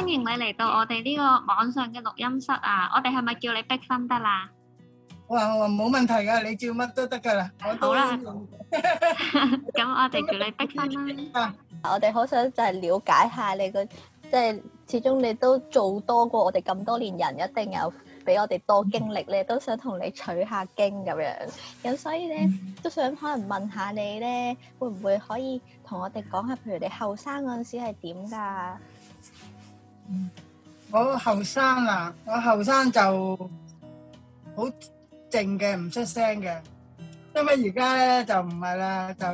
歡迎你嚟到我哋呢個網上嘅錄音室啊！我哋係咪叫你碧芬得啦？我話我話冇問題噶，你叫乜都得噶啦。好啦，咁我哋叫你碧芬啦。我哋好想就係了解下你個，即係始終你都做多過我哋咁多年人，一定有俾我哋多經歷咧，都想同你取下經咁樣。咁所以咧都想可能問下你咧，會唔會可以同我哋講下，譬如你後生嗰陣時係點噶？我後生啦，我後生就好靜嘅，唔出聲嘅。因為而家咧就唔係啦，就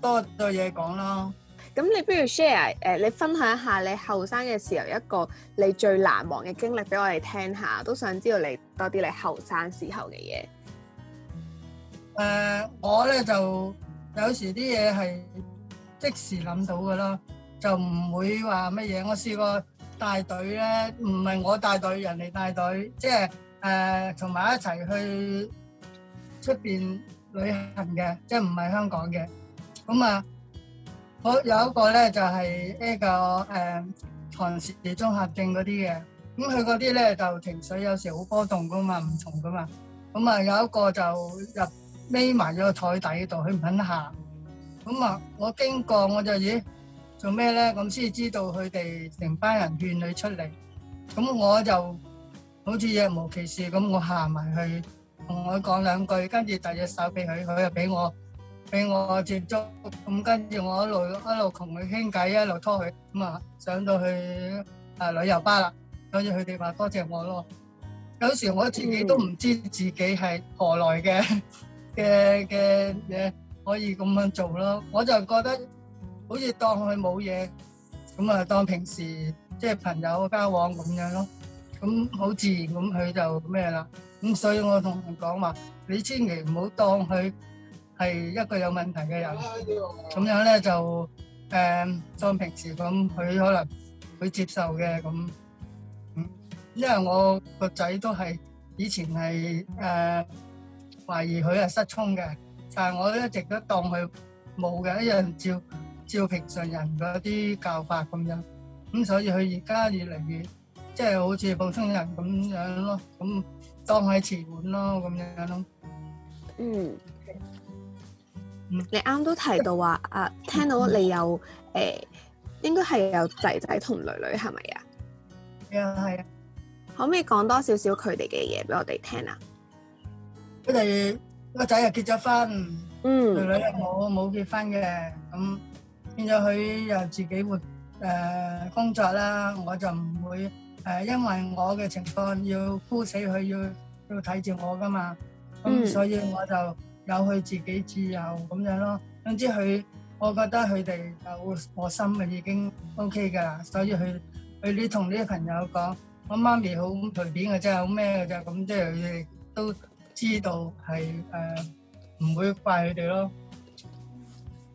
多咗嘢講咯。咁你不如 share 誒、呃，你分享一下你後生嘅時候一個你最難忘嘅經歷俾我哋聽下，都想知道你多啲你後生時候嘅嘢。誒、呃，我咧就有時啲嘢係即時諗到嘅咯，就唔會話乜嘢。我試過。帶隊咧，唔係我帶隊，人哋帶隊，即係誒，同埋一齊去出邊旅行嘅，即係唔係香港嘅。咁啊，我有一個咧就係呢個誒，唐氏綜合症嗰啲嘅。咁佢嗰啲咧就情緒有時好波動噶嘛，唔同噶嘛。咁啊，有一個就入匿埋咗個台底度，佢唔肯行。咁啊，我經過我就咦。做咩咧？咁先知道佢哋成班人勸佢出嚟，咁我就好似若無其事咁，我行埋去同佢講兩句，跟住遞隻手俾佢，佢又俾我俾我接觸，咁跟住我一路一路同佢傾偈，一路拖佢，咁啊上到去啊旅遊巴啦，跟住佢哋話多謝我咯。有時我自己都唔知自己係何來嘅嘅嘅嘢可以咁樣做咯，我就覺得。好似當佢冇嘢，咁啊當平時即係朋友交往咁樣咯，咁好自然咁佢就咩啦，咁所以我同佢講話你千祈唔好當佢係一個有問題嘅人，咁樣咧就誒當平時咁，佢可能會接受嘅咁，嗯，因為我個仔都係以前係誒懷疑佢係失聰嘅，但係我一直都當佢冇嘅一樣照。照平常人嗰啲教法咁樣，咁、嗯、所以佢而家越嚟越即係好似普通人咁樣，樣咯，咁當係慈緩咯咁樣咯。嗯，嗯你啱都提到話啊，嗯、聽到你有誒，嗯、應該係有仔仔同女女係咪啊？係啊係啊，可唔、嗯、可以講多少少佢哋嘅嘢俾我哋聽啊？佢哋個仔又結咗婚，嗯結婚，嗯，女女又冇冇結婚嘅咁。變咗佢又自己活，誒、呃、工作啦，我就唔會誒、呃，因為我嘅情況要箍死佢，要要睇住我噶嘛，咁、嗯嗯、所以我就有佢自己自由咁樣咯。總之佢，我覺得佢哋有我心啊，已經 O K 噶。所以佢佢啲同啲朋友講，我媽咪好隨便嘅，即係好咩嘅啫，咁即係佢哋都知道係誒，唔、呃、會怪佢哋咯。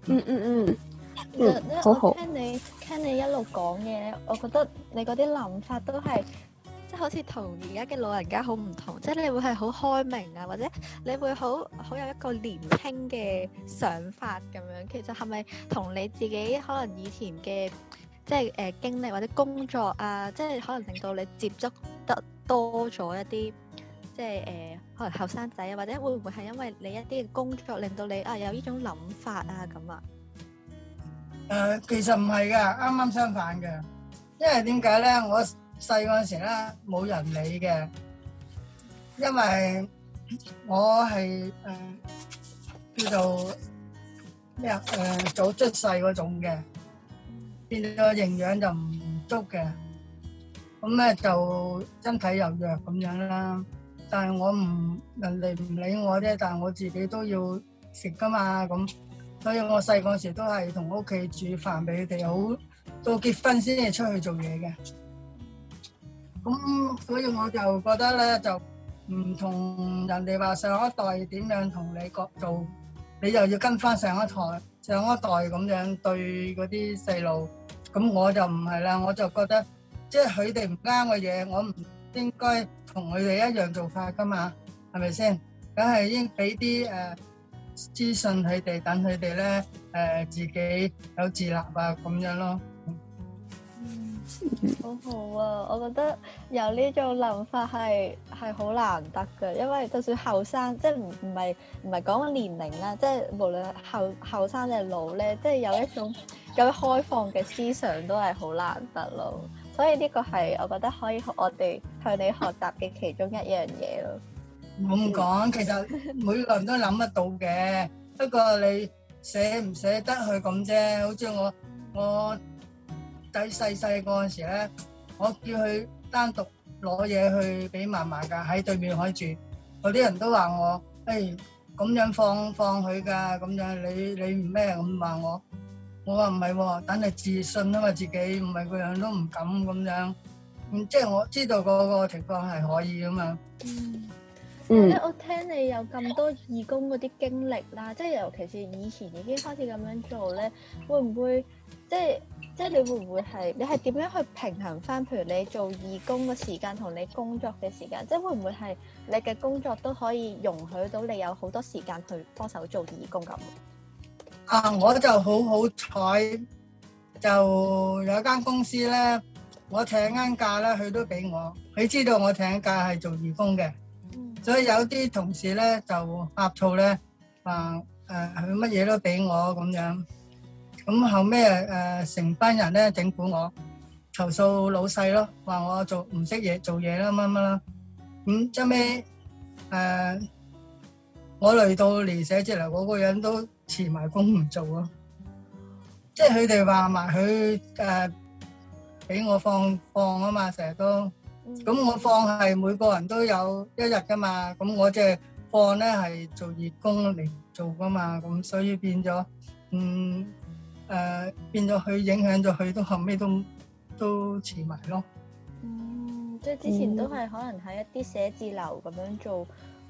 嗯嗯嗯。嗯嗯其實咧，嗯、好好我聽你聽你一路講嘢，我覺得你嗰啲諗法都係，即係好似同而家嘅老人家好唔同，即係你會係好開明啊，或者你會好好有一個年輕嘅想法咁樣。其實係咪同你自己可能以前嘅，即係誒經歷或者工作啊，即係可能令到你接觸得多咗一啲，即係誒可能後生仔啊，或者會唔會係因為你一啲嘅工作令到你啊、呃、有呢種諗法啊咁啊？誒、呃，其實唔係噶，啱啱相反嘅，因為點解咧？我細個嗰時咧冇人理嘅，因為我係誒、呃、叫做咩啊？誒、呃，早出世嗰種嘅，變咗營養就唔足嘅，咁、嗯、咧就身體又弱咁樣啦。但係我唔人哋唔理我啫，但係我自己都要食噶嘛咁。所以我細個時都係同屋企煮飯俾佢哋，好到結婚先至出去做嘢嘅。咁所以我就覺得咧，就唔同人哋話上一代點樣同你各做，你又要跟翻上一代。上一代咁樣對嗰啲細路，咁我就唔係啦，我就覺得即係佢哋唔啱嘅嘢，我唔應該同佢哋一樣做法噶嘛，係咪先？梗係應俾啲，誒、呃資訊佢哋等佢哋咧，誒自己有自立啊，咁樣咯。嗯，好好啊，我覺得有呢種諗法係係好難得㗎，因為就算後生，即係唔唔係唔係講緊年齡啦，即係無論後後生定老咧，即係有一種咁開放嘅思想都係好難得咯。所以呢個係我覺得可以學我哋向你學習嘅其中一樣嘢咯。我唔講，其實每個人都諗得到嘅，不過你捨唔捨得去咁啫。好似我我仔細細嗰陣時咧，我叫佢單獨攞嘢去俾嫲嫲㗎，喺對面海住，嗰啲人都話我，誒咁樣放放佢㗎，咁樣你你唔咩咁話我？我話唔係喎，等你自信啊嘛，自己唔係個樣都唔敢咁樣。嗯，即係我知道嗰個情況係可以㗎嘛。即係我聽你有咁多義工嗰啲經歷啦，即係尤其是以前已經開始咁樣做咧，會唔會即係即係你會唔會係你係點樣去平衡翻？譬如你做義工嘅時間同你工作嘅時間，即係會唔會係你嘅工作都可以容許到你有好多時間去幫手做義工咁？啊，我就好好彩，就有間公司咧，我請啱假咧，佢都俾我，佢知道我請假係做義工嘅。所以有啲同事咧就呷醋咧，話誒佢乜嘢都俾我咁樣，咁後尾誒、呃、成班人咧整蠱我，投訴老細咯，話我做唔識嘢做嘢啦乜乜啦，咁後尾，誒、呃、我累到連寫字樓嗰個人都辭埋工唔做咯，即係佢哋話埋佢誒俾我放放啊嘛，成日都。咁我放係每個人都有一日噶嘛，咁我即係放咧係做義工嚟做噶嘛，咁所以變咗，嗯誒變咗佢影響咗佢，都後尾都都遲埋咯。嗯，呃、嗯即係之前都係可能喺一啲寫字樓咁樣做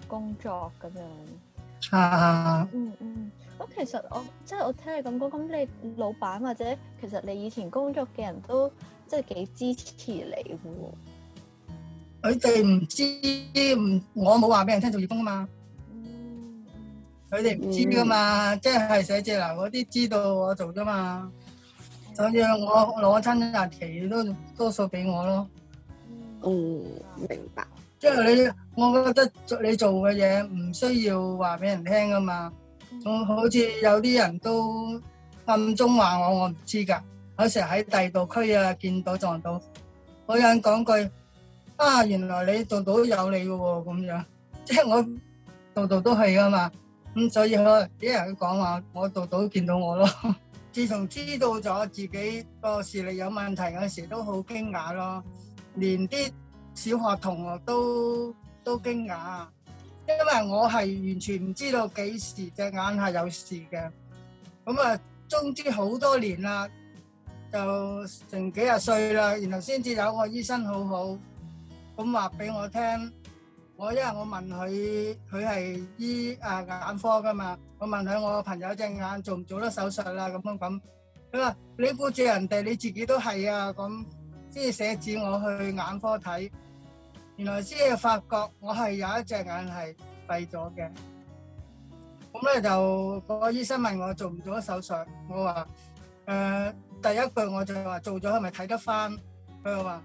工作咁樣。啊，嗯嗯。咁、嗯嗯、其實我即係我聽你咁講，咁你老闆或者其實你以前工作嘅人都即係幾支持你嘅喎。佢哋唔知，唔我冇話俾人聽做義工啊嘛。佢哋唔知噶嘛，嗯、即係寫字樓嗰啲知道我做啫嘛。所以我，我攞親嗰紮錢都多數俾我咯。哦、嗯，明白。即係你，我覺得你做嘅嘢唔需要話俾人聽噶嘛。我好似有啲人都暗中話我，我唔知噶。有時喺第二度區啊見到撞到，好有人講句。啊！原來你度度都有你嘅喎、哦，咁樣即係 我度度都係噶嘛，咁所以我啲人講話，我度度都見到我咯。自從知道咗自己個視力有問題嗰時，都好驚訝咯，連啲小學同學都都驚訝，因為我係完全唔知道幾時隻眼係有事嘅，咁啊，終之好多年啦，就成幾廿歲啦，然後先至有個醫生好好。咁話俾我聽，我因為我問佢，佢係醫誒、啊、眼科噶嘛，我問佢我個朋友隻眼做唔做得手術啦、啊，咁樣咁，佢話你估住人哋，你自己都係啊，咁即係寫字，我去眼科睇，原來先至發覺我係有一隻眼係廢咗嘅，咁咧就、嗰個醫生問我做唔做得手術，我話誒、呃、第一句我就話做咗係咪睇得翻？佢又話。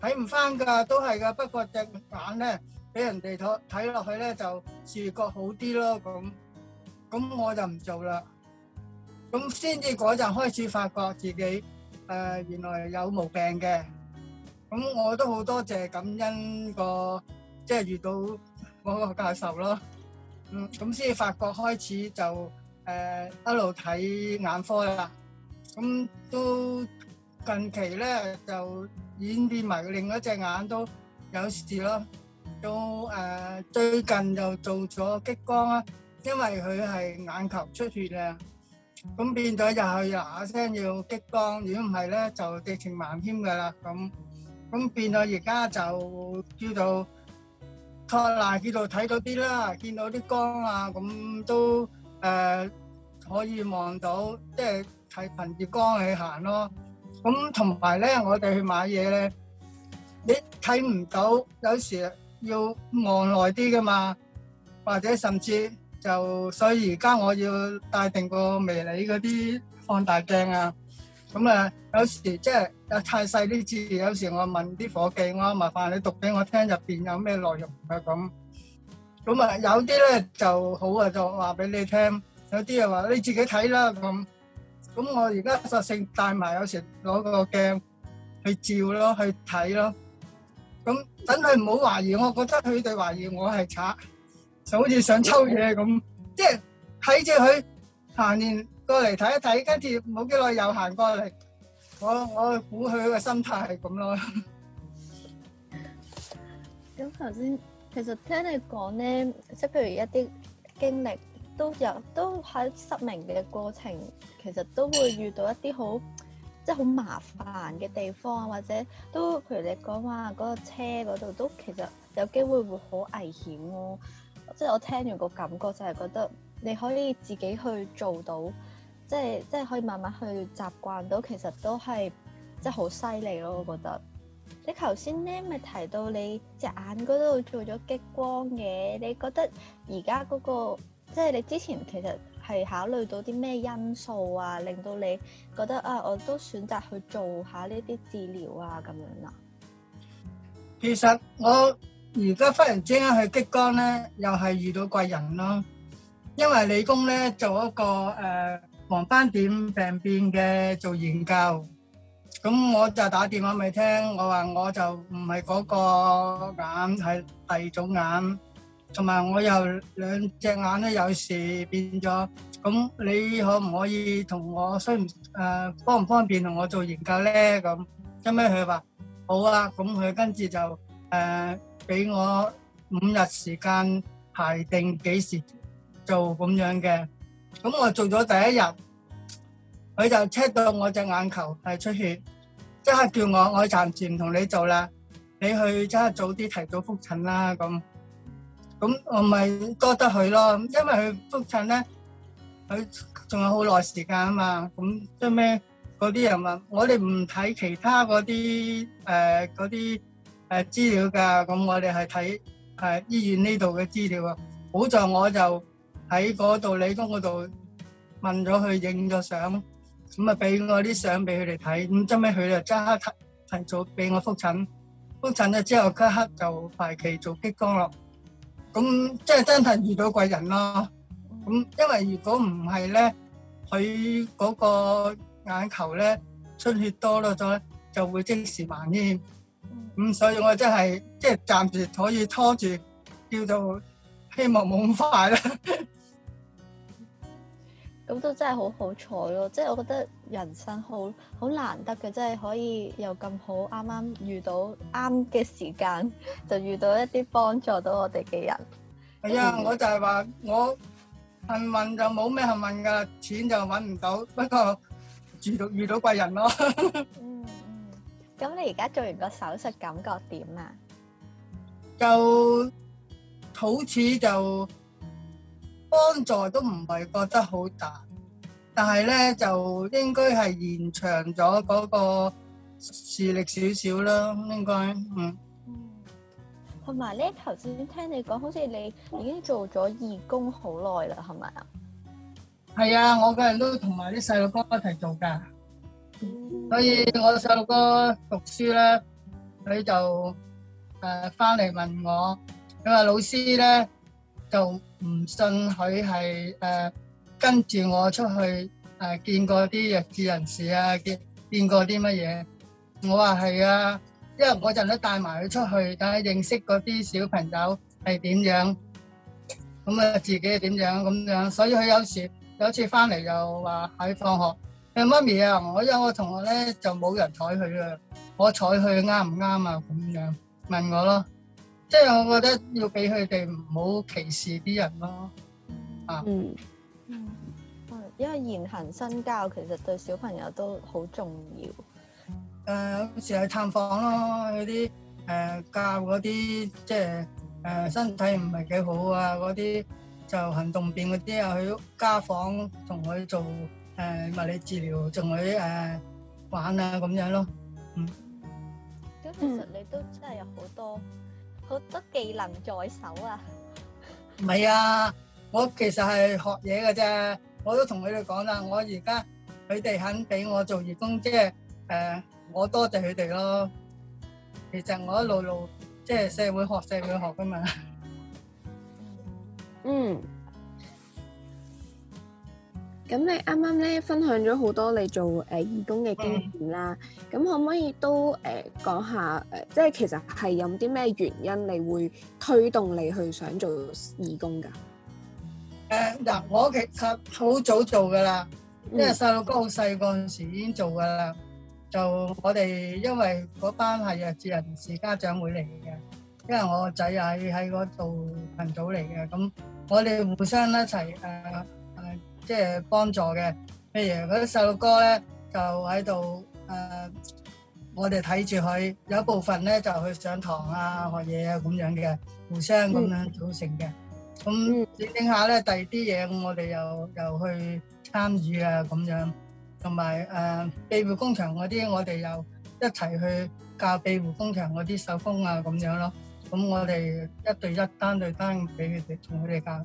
睇唔翻噶，都係噶，不過隻眼咧俾人哋睇睇落去咧就視覺好啲咯，咁咁我就唔做啦。咁先至嗰陣開始發覺自己誒、呃、原來有毛病嘅，咁我都好多謝感恩個即係遇到我個教授咯，嗯，咁先至發覺開始就誒、呃、一路睇眼科啦，咁都近期咧就。演變埋另一隻眼都有事咯，到誒、呃、最近就做咗激光啊，因為佢係眼球出血啊，咁變咗又呀聲要激光，如果唔係咧就直情盲添噶啦，咁咁變咗而家就叫做托賴叫做睇到啲啦，見到啲光啊，咁都誒、呃、可以望到，即係睇憑住光去行咯。咁同埋咧，我哋去買嘢咧，你睇唔到，有時要望耐啲噶嘛，或者甚至就所以而家我要帶定個迷你嗰啲放大鏡啊，咁啊，有時即係太細啲字，有時我問啲伙計，我話麻煩你讀俾我聽入邊有咩內容啊咁，咁啊有啲咧就好啊，就話俾你聽，有啲又話你自己睇啦咁。咁我而家索性帶埋有時攞個鏡去照咯，去睇咯。咁等佢唔好懷疑，我覺得佢哋懷疑我係賊，就好似想抽嘢咁。即係睇住佢行完過嚟睇一睇，跟住冇幾耐又行過嚟。我我估佢個心態係咁咯。咁頭先其實聽你講咧，即係譬如一啲經歷。都有都喺失明嘅過程，其實都會遇到一啲好即係好麻煩嘅地方，或者都譬如你講話嗰個車嗰度都其實有機會會好危險咯。即係我聽完個感覺就係覺得你可以自己去做到，即係即係可以慢慢去習慣到，其實都係即係好犀利咯。我覺得你頭先咧咪提到你隻眼嗰度做咗激光嘅，你覺得而家嗰個？即係你之前其實係考慮到啲咩因素啊，令到你覺得啊，我都選擇去做下呢啲治療啊咁樣啦。其實我而家忽然之間去激光咧，又係遇到貴人咯。因為理工咧做一個誒黃斑點病變嘅做研究，咁我就打電話咪聽，我話我就唔係嗰個眼，係第二種眼。同埋我又兩隻眼咧，有時變咗。咁你可唔可以同我雖唔誒方唔方便同我做研究咧？咁，跟尾佢話好啊，咁佢跟住就誒俾、呃、我五日時間排定幾時做咁樣嘅。咁我做咗第一日，佢就 check 到我隻眼球係出血，即刻叫我，我暫時唔同你做啦，你去即刻早啲提早覆診啦咁。咁我咪多得佢咯，因為佢復診咧，佢仲有好耐時間啊嘛。咁最尾嗰啲人話，我哋唔睇其他嗰啲誒嗰啲誒資料噶，咁我哋係睇誒醫院呢度嘅資料啊。好在我就喺嗰度理工嗰度問咗佢影咗相，咁啊俾我啲相俾佢哋睇。咁最尾佢就即刻提早俾我復診，復診咗之後，即刻就排期做激光咯。咁即係真係遇到貴人咯，咁因為如果唔係咧，佢嗰個眼球咧出血多咗，咗就會即時慢啲，咁所以我真係即係暫時可以拖住，叫做希望冇咁快啦。 我都真係好好彩咯，即係我覺得人生好好難得嘅，即係可以有咁好，啱啱遇到啱嘅時間，就遇到一啲幫助到我哋嘅人。係啊，我就係話我幸運就冇咩幸運噶，錢就搵唔到，不過遇到遇到貴人咯。嗯 嗯，咁你而家做完個手術感覺點啊？就好似就。幫助都唔係覺得好大，但係咧就應該係延長咗嗰個視力少少啦，應該嗯。嗯，同埋咧，頭先聽你講，好似你已經做咗義工好耐啦，係咪啊？係啊，我個人都同埋啲細路哥一齊做㗎，嗯、所以我細路哥讀書咧，佢就誒返嚟問我，佢話老師咧就。唔信佢係，誒，跟住我出去，誒，見過啲弱智人士啊，見見過啲乜嘢？我話係啊，因為嗰陣都帶埋佢出去，但係認識嗰啲小朋友係點樣，咁啊自己係點樣咁樣，所以佢有時有次翻嚟又話喺放學，誒，媽咪啊，我有個同學咧就冇人睬佢啊，我睬佢啱唔啱啊？咁樣問我咯。即係我覺得要俾佢哋唔好歧視啲人咯，嗯、啊，嗯，嗯，因為言行身教其實對小朋友都好重要。誒、呃，成日探訪咯，佢啲誒教嗰啲，即係誒身體唔係幾好啊，嗰啲，嗯、就行動變嗰啲啊，去家訪同佢做誒、呃、物理治療，同佢誒玩啊咁樣咯。嗯，咁、嗯、其實你都真係有好多。好多技能在手啊！唔係啊，我其實係學嘢嘅啫。我都同佢哋講啦，我而家佢哋肯俾我做義工，即係誒、呃，我多謝佢哋咯。其實我一路路即係社會學，社會學噶嘛。嗯。咁你啱啱咧分享咗好多你做誒、呃、義工嘅經驗啦，咁、嗯、可唔可以都誒講、呃、下誒？即、呃、係其實係有啲咩原因，你會推動你去想做義工噶？誒嗱、呃呃，我其實好早做噶啦，因為細路哥好細個時已經做噶啦。就我哋因為嗰班係弱智人士家長會嚟嘅，因為我個仔又喺喺嗰度群組嚟嘅，咁我哋互相一齊誒。呃即係幫助嘅，譬如啲細路哥咧，就喺度誒，我哋睇住佢，有部分咧就去上堂啊、學嘢啊咁樣嘅，互相咁樣組成嘅。咁整整下咧，第二啲嘢我哋又又去參與啊咁樣，同埋誒庇護工場嗰啲，我哋又一齊去教庇護工場嗰啲手工啊咁樣咯。咁我哋一對一單對單俾佢哋同佢哋教。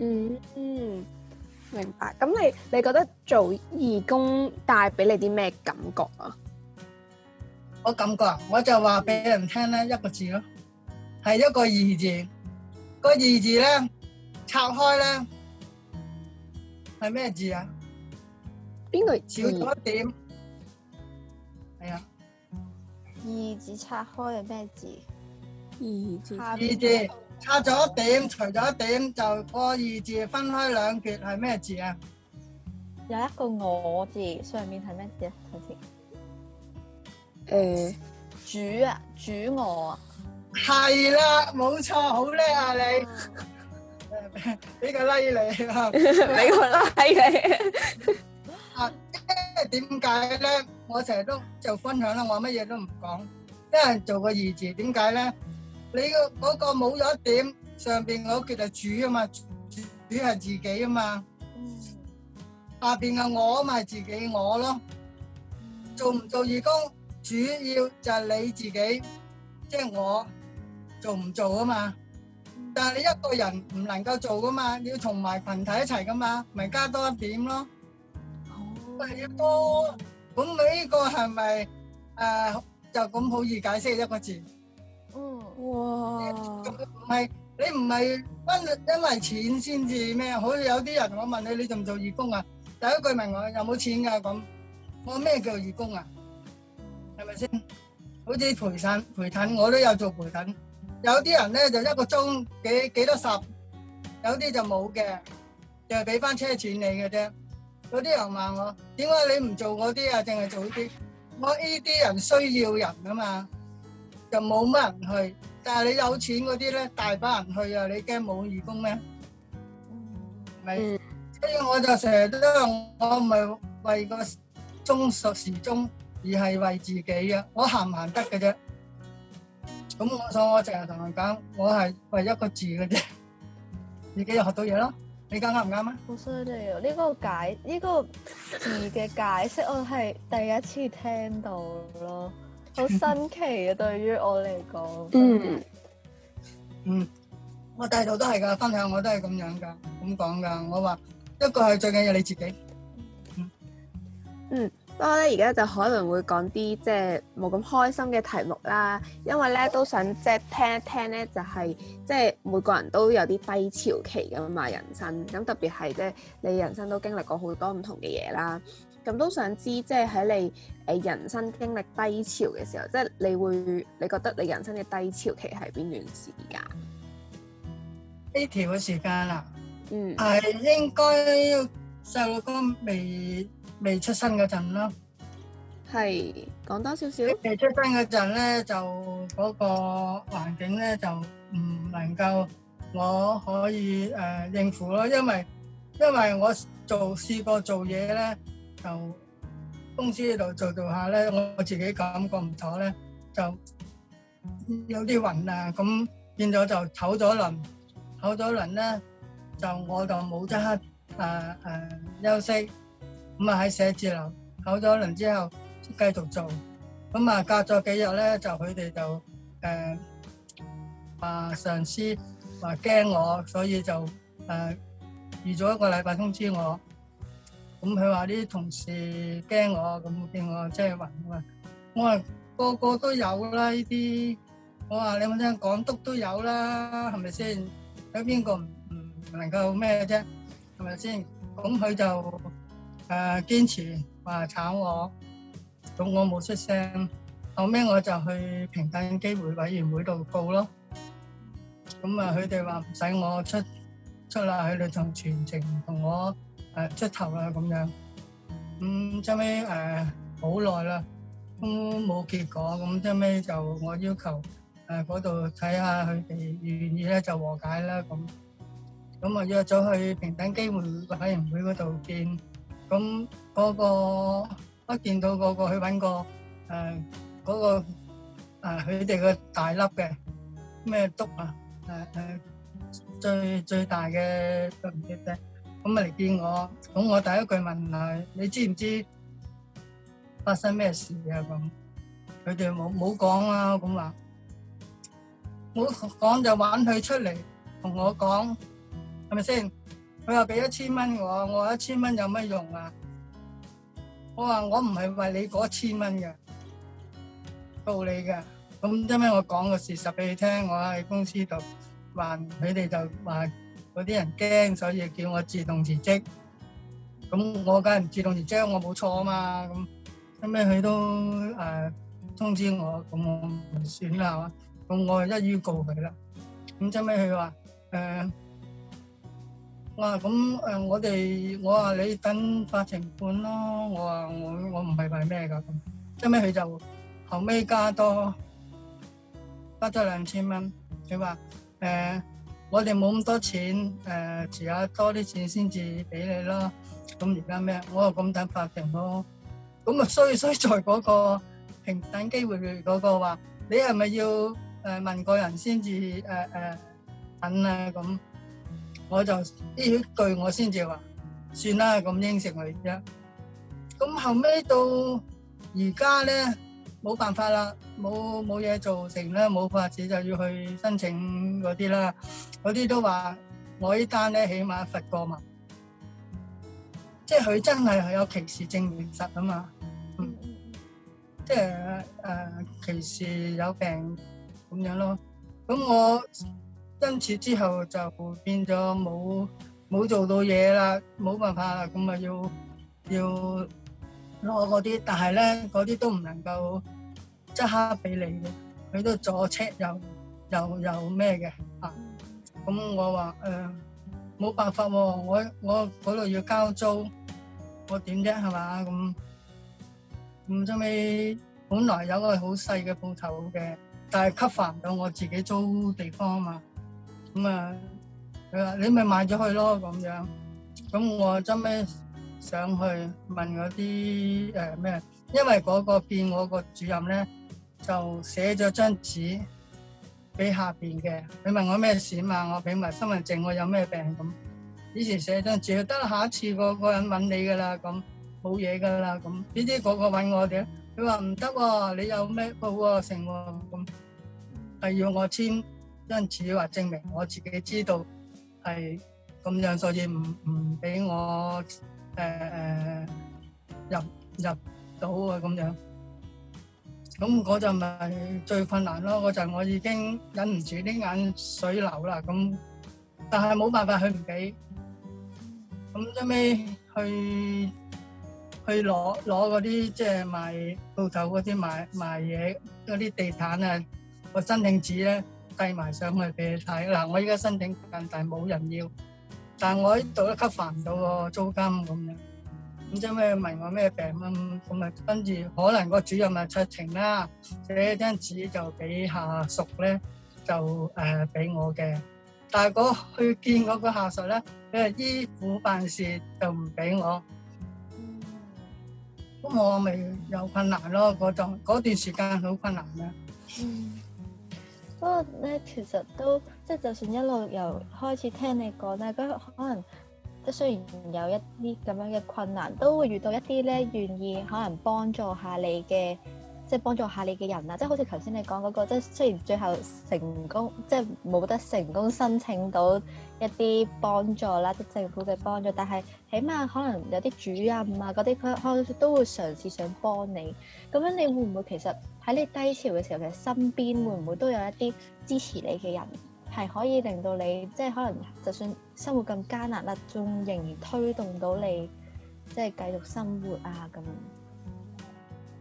嗯嗯。嗯明白，咁你你覺得做義工帶俾你啲咩感覺啊？我感覺，我就話俾人聽咧，一個字咯，係一個義字。那個義字咧，拆開咧係咩字啊？邊個字？少咗一點。係啊。義字拆開係咩字？義字拆。拆咗一點，除咗一點，就個二字分開兩橛，係咩字啊？有一個我字，上面係咩字啊？誒，主啊，主我啊，係啦，冇錯，好叻啊你，俾個 like 你，俾我 like 你。誒，點解咧？我成日都做分享啦，我乜嘢都唔講，因為做個二字，點解咧？你個嗰個冇咗一點，上邊我叫做主啊嘛，主係自己啊嘛，下邊嘅我咪自己我咯，做唔做義工主要就係你自己，即係我做唔做啊嘛？但係你一個人唔能夠做噶嘛，你要同埋群體一齊噶嘛，咪加多一點咯。哦，係要多咁，你呢個係咪誒就咁好易解釋一個字？嗯，哇！唔係你唔係因因為錢先至咩？好似有啲人我問你，你做唔做義工啊？第一句問我有冇錢噶咁，我咩叫義工啊？係咪先？好似陪診陪診，我都有做陪診。有啲人咧就一個鐘幾幾多十，有啲就冇嘅，就係俾翻車錢你嘅啫。有啲人問我，點解你唔做嗰啲啊？淨係做嗰啲？我呢啲人需要人噶嘛？就冇乜人去，但係你有錢嗰啲咧，大把人去啊！你驚冇義工咩？咪所以我就成日都我唔係為個鐘熟時鐘，而係為自己啊！我行唔行得嘅啫？咁我所以我成日同人講，我係為一個字嘅啫。自己又學到嘢咯？你講啱唔啱啊？好犀利啊！呢個解呢個字嘅解釋，我係第一次聽到咯。好新奇呀，嗯、對於我嚟講。嗯嗯，嗯我大度都係噶，分享我都係咁樣噶，咁講噶。我話一個係最緊要你自己。嗯，不過咧，而家就可能會講啲即係冇咁開心嘅題目啦，因為咧都想即係、就是、聽一聽咧、就是，就係即係每個人都有啲低潮期噶嘛，人生咁特別係即係你人生都經歷過好多唔同嘅嘢啦。咁都想知，即係喺你誒人生經歷低潮嘅時候，即係你會你覺得你人生嘅低潮期係邊段時間？呢段嘅時間啦，嗯，係應該細佬哥未未出生嗰陣咯，係講多少少未出生嗰陣咧，就嗰個環境咧就唔能夠我可以誒應付咯，因為因為我做試過做嘢咧。就公司喺度做做下咧，我自己感覺唔妥咧，就有啲暈啊，咁變咗就唞咗輪，唞咗輪咧就我就冇即刻誒誒休息，咁啊喺寫字樓唞咗輪之後繼續做，咁啊隔咗幾日咧就佢哋就誒話上司話驚我，所以就誒預咗一個禮拜通知我。咁佢話啲同事驚我，咁叫我即係話，我話個個都有啦呢啲，我話你冇聽，港督都有啦，係咪先？有邊個唔唔能夠咩啫？係咪先？咁佢就誒堅持話炒我，咁我冇出聲，後尾我就去平等機會委員會度告咯。咁啊，佢哋話唔使我出出啦，佢哋同全程同我。誒，出頭啦咁樣，咁後尾，誒好耐啦，都冇結果，咁後尾，就我要求誒嗰度睇下佢哋願意咧就和解啦，咁，咁我約咗去平等機會委員會嗰度見，咁嗰、嗰個一見到嗰、嗰個去搵、呃嗰個誒嗰個誒佢哋嘅大粒嘅咩督啊誒、呃、最最大嘅唔記得。咁咪嚟見我，咁我第一句問佢：你知唔知發生咩事啊？咁佢哋冇冇講啊？咁話冇講就玩佢出嚟同我講，係咪先？佢又俾一千蚊我，我一千蚊有乜用啊？我話我唔係為你嗰一千蚊嘅，告你嘅。咁因為我講個事實俾你聽，我喺公司度話佢哋就話。有啲人驚，所以叫我自動辭職。咁我梗係自動辭職，我冇錯啊嘛。咁後屘佢都誒通知我，咁我唔選啦，係嘛？咁我係一於告佢啦。咁後屘佢話誒，我話咁誒，我哋我話你等法庭判咯。我話我我唔係為咩㗎。咁後屘佢就後屘加多加咗兩千蚊。佢話誒。我哋冇咁多錢，誒存下多啲錢先至俾你咯。咁而家咩？我又咁等法庭咯。咁啊衰衰在嗰個平等機會嗰個話，你係咪要誒問個人先至誒誒等啊？咁我就呢句我先至話算啦，咁應承佢啫。咁後尾到而家咧。冇辦法啦，冇冇嘢做成啦，冇法子就要去申請嗰啲啦。嗰啲都話我呢單咧起碼罰過嘛，即係佢真係有歧視症現實啊嘛，即係誒、呃、歧視有病咁樣咯。咁我因此之後就變咗冇冇做到嘢啦，冇辦法啦，咁咪要要，要攞嗰啲，但係咧嗰啲都唔能夠即刻俾你嘅，佢都坐 c h 又又咩嘅啊！咁我話誒，冇、呃、辦法喎、啊，我我嗰度要交租，我點啫係嘛咁？咁最尾本來有個好細嘅鋪頭嘅，但係吸化到我自己租地方啊嘛，咁、嗯、啊，佢話你咪賣咗佢咯咁樣，咁我啊最想去問嗰啲誒咩？因為嗰個變我個主任咧，就寫咗張紙俾下邊嘅。佢問我咩事嘛？我俾埋身份證，我有咩病咁？以前寫張紙得，下一次個個人揾你噶啦，咁冇嘢噶啦，咁呢啲嗰個揾我哋，佢話唔得喎，你有咩報啊成喎咁，係、啊、要我簽張紙，話證明我自己知道係咁樣，所以唔唔俾我。誒誒、呃，入入到啊咁樣，咁嗰陣咪最困難咯。嗰陣我已經忍唔住啲眼水流啦，咁但係冇辦法去唔俾，咁最尾去去攞攞嗰啲即係賣鋪頭嗰啲賣賣嘢嗰啲地毯啊個申請紙咧遞埋上去俾你睇。嗱，我依家申請，但係冇人要。但係我喺度都吸煩到喎，租金咁樣，咁之後咪問我咩病咁，我咪跟住可能個主任咪出庭啦，呢張紙就俾下屬咧，就誒俾、呃、我嘅。但係我、嗰個、去見我個下屬咧，佢係依附辦事就唔俾我，咁我咪有困難咯。嗰段，段時間好困難嘅。嗯不過咧，其實都即係就算一路由開始聽你講咧，咁可能即係雖然有一啲咁樣嘅困難，都會遇到一啲咧願意可能幫助下你嘅，即係幫助下你嘅人啦。即係好似頭先你講嗰個，即係雖然最後成功，即係冇得成功申請到一啲幫助啦，即政府嘅幫助，但係起碼可能有啲主任啊嗰啲，佢都都會嘗試想幫你。咁樣你會唔會其實？喺呢低潮嘅時候，其實身邊會唔會都有一啲支持你嘅人，係可以令到你即係可能，就算生活咁艱難啦，仲仍然推動到你即係繼續生活啊咁。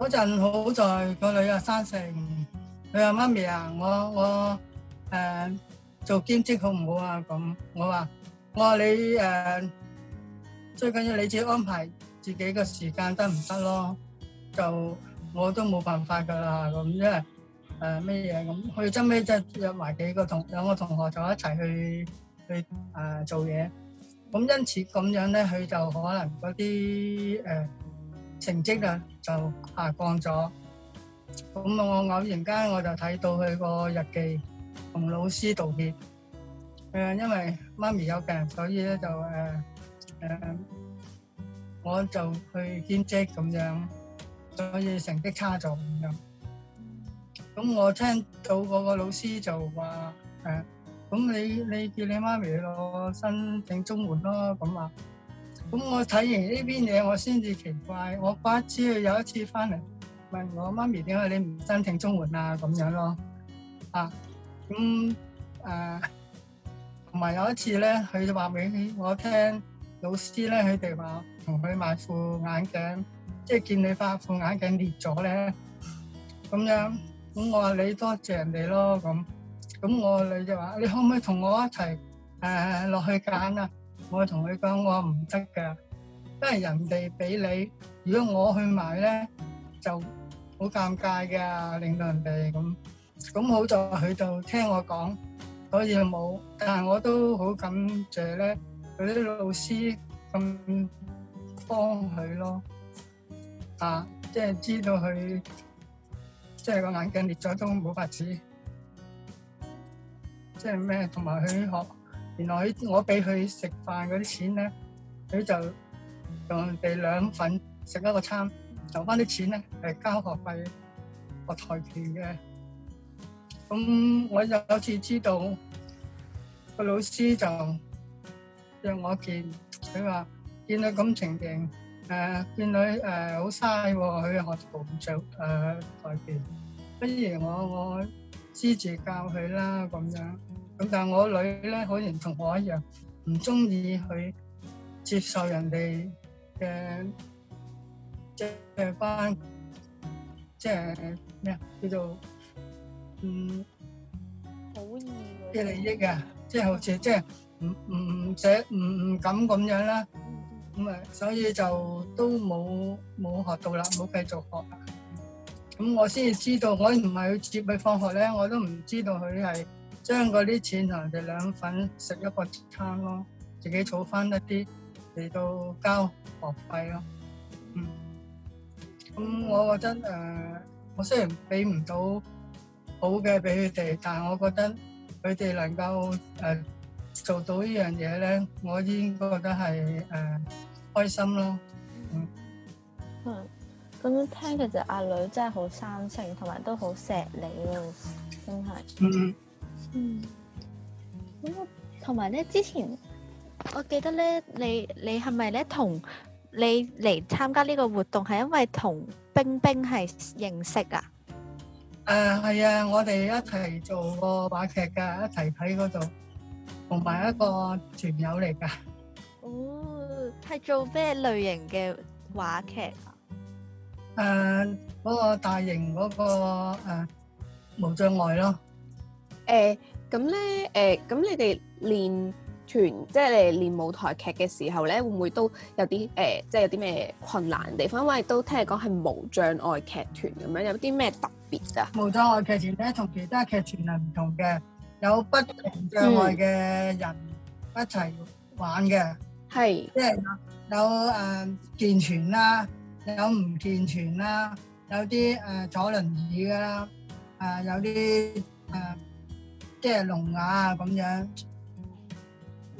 嗰陣好在個女啊生性佢話：媽咪啊，我、uh, 好好我誒做兼職好唔好啊？咁我話：我話你誒最緊要你自己安排自己嘅時間得唔得咯？就我都冇辦法㗎啦咁，因為誒咩嘢咁，佢、呃、真尾即係約埋幾個同兩個同學就一齊去去誒、呃、做嘢，咁、嗯、因此咁樣咧，佢就可能嗰啲誒成績啊就下降咗。咁、嗯、啊，我偶然間我就睇到佢個日記，同老師道歉，誒、呃，因為媽咪有病，所以咧就誒誒、呃呃，我就去兼職咁樣。所以成績差咗咁樣，咁我聽到嗰個老師就話：，誒，咁你你叫你媽咪去申請綜援咯，咁話。咁我睇完呢邊嘢，我先至奇怪。我爸知道有一次翻嚟問我媽咪，點解你唔申請綜援啊？咁樣咯，啊，咁誒，同埋有一次咧，佢就話俾我聽，老師咧佢哋話同佢買副眼鏡。即係見你把副眼鏡裂咗咧，咁樣，咁我話你多謝人哋咯。咁，咁我女就話你可唔可以同我一齊誒落去揀啊？我同佢講，我話唔得㗎，因為人哋俾你，如果我去買咧，就好尷尬㗎，令到人哋咁。咁好在佢就聽我講，所以冇。但係我都好感謝咧，嗰啲老師咁幫佢咯。啊！即係知道佢，即係個眼鏡裂咗都冇法子，即係咩？同埋佢學，原來佢我俾佢食飯嗰啲錢咧，佢就用人哋兩份食一個餐，留翻啲錢咧係交學費學台詞嘅。咁我就有次知道個老師就約我見，佢話見到咁情形。誒，僆女誒好嘥喎，佢學業冇咁好誒，外邊不如我我支持教佢啦咁樣。咁但係我女咧，可能同我一樣，唔中意去接受人哋嘅即係班，即係咩啊？叫做嗯好意嘅利益啊！即係好似即係唔唔唔捨唔唔咁咁樣啦～咁啊，所以就都冇冇學到啦，冇繼續學。咁我先至知道，我唔係去接佢放學咧，我都唔知道佢係將嗰啲錢同人哋兩份食一個餐咯，自己儲翻一啲嚟到交學費咯。嗯，咁我覺得誒，我雖然俾唔到好嘅俾佢哋，但係我覺得佢哋能夠誒做到呢樣嘢咧，我已經覺得係誒。開心咯，嗯，咁樣聽，其實阿女真係好生性，同埋都好錫你咯，真係，嗯，嗯，同埋咧，之前我記得咧，你你係咪咧同你嚟參加呢個活動，係因為同冰冰係認識啊？誒係啊，我哋一齊做個話劇噶，一齊喺嗰度，同埋一個團友嚟噶，哦、嗯。係做咩類型嘅話劇啊？誒，嗰個大型嗰個誒無障礙咯。誒，咁咧，誒，咁你哋練團，即係你練舞台劇嘅時候咧，會唔會都有啲誒，即係有啲咩困難嘅地方？因為都聽講係無障礙劇團咁樣，有啲咩特別噶？無障礙劇團咧，同其他劇團係唔同嘅，有不同障礙嘅人一齊玩嘅。係，即係有誒健全啦，有唔健全啦，有啲誒坐輪椅啦，啊有啲誒即係聾啞啊咁樣，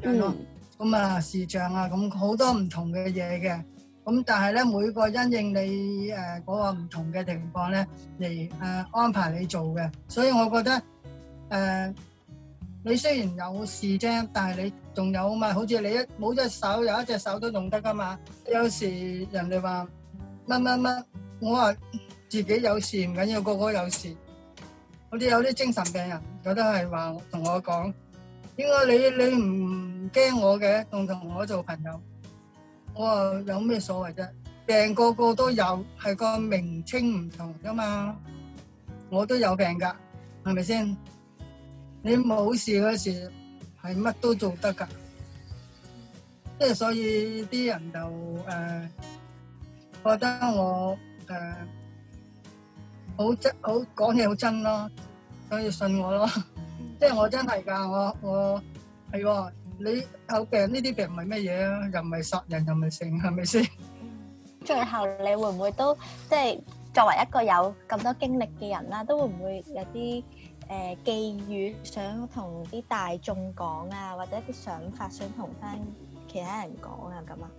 咁咯，咁啊視障啊，咁好多唔同嘅嘢嘅，咁但係咧每個因應你誒嗰個唔同嘅情況咧嚟誒安排你做嘅，所以我覺得誒你雖然有視障，但係你。仲有嘛？好似你一冇一隻手，有一隻手都用得噶嘛。有時人哋話乜乜乜，我話自己有事唔緊要，個個有事。好似有啲精神病人，佢都係話同我講：應該你你唔驚我嘅，仲同我做朋友。我話有咩所謂啫？病個個都有，係個名稱唔同㗎嘛。我都有病㗎，係咪先？你冇事嗰時。係乜都做得噶即係所以啲人就誒，覺得我誒好真，好講嘢好真咯，所以信我咯。即係我真係噶，我我係喎。你有病呢啲病唔係乜嘢啊？又唔係殺人，又唔係性，係咪先？最後你會唔會都即係作為一個有咁多經歷嘅人啦，都會唔會有啲？誒、呃、寄語，想同啲大眾講啊，或者啲想法想同翻其他人講啊，咁啊？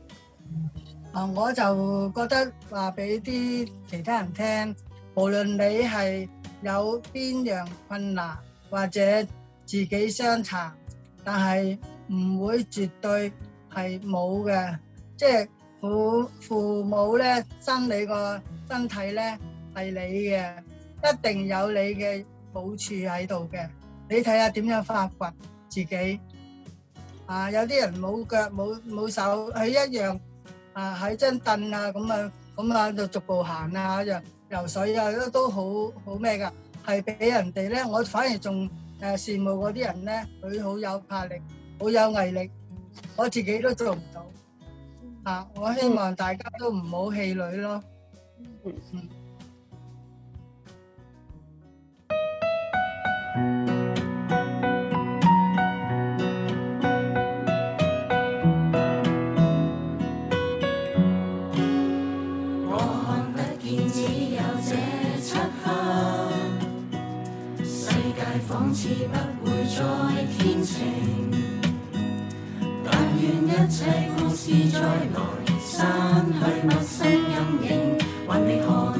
啊、呃，我就覺得話俾啲其他人聽，無論你係有邊樣困難或者自己傷殘，但係唔會絕對係冇嘅，即係父父母咧生你個身體咧係你嘅，一定有你嘅。好處喺度嘅，你睇下點樣發掘自己啊？有啲人冇腳冇冇手，佢一樣啊喺張凳啊咁啊咁啊就逐步行啊游游水啊都都好好咩噶？係俾人哋咧，我反而仲誒羨慕嗰啲人咧，佢好有魄力，好有毅力，我自己都做唔到啊！我希望大家都唔好氣餒咯。我看不見，只有這漆黑。世界仿似不會再天晴，但願一切故事再來山，散去陌生陰影，還你看。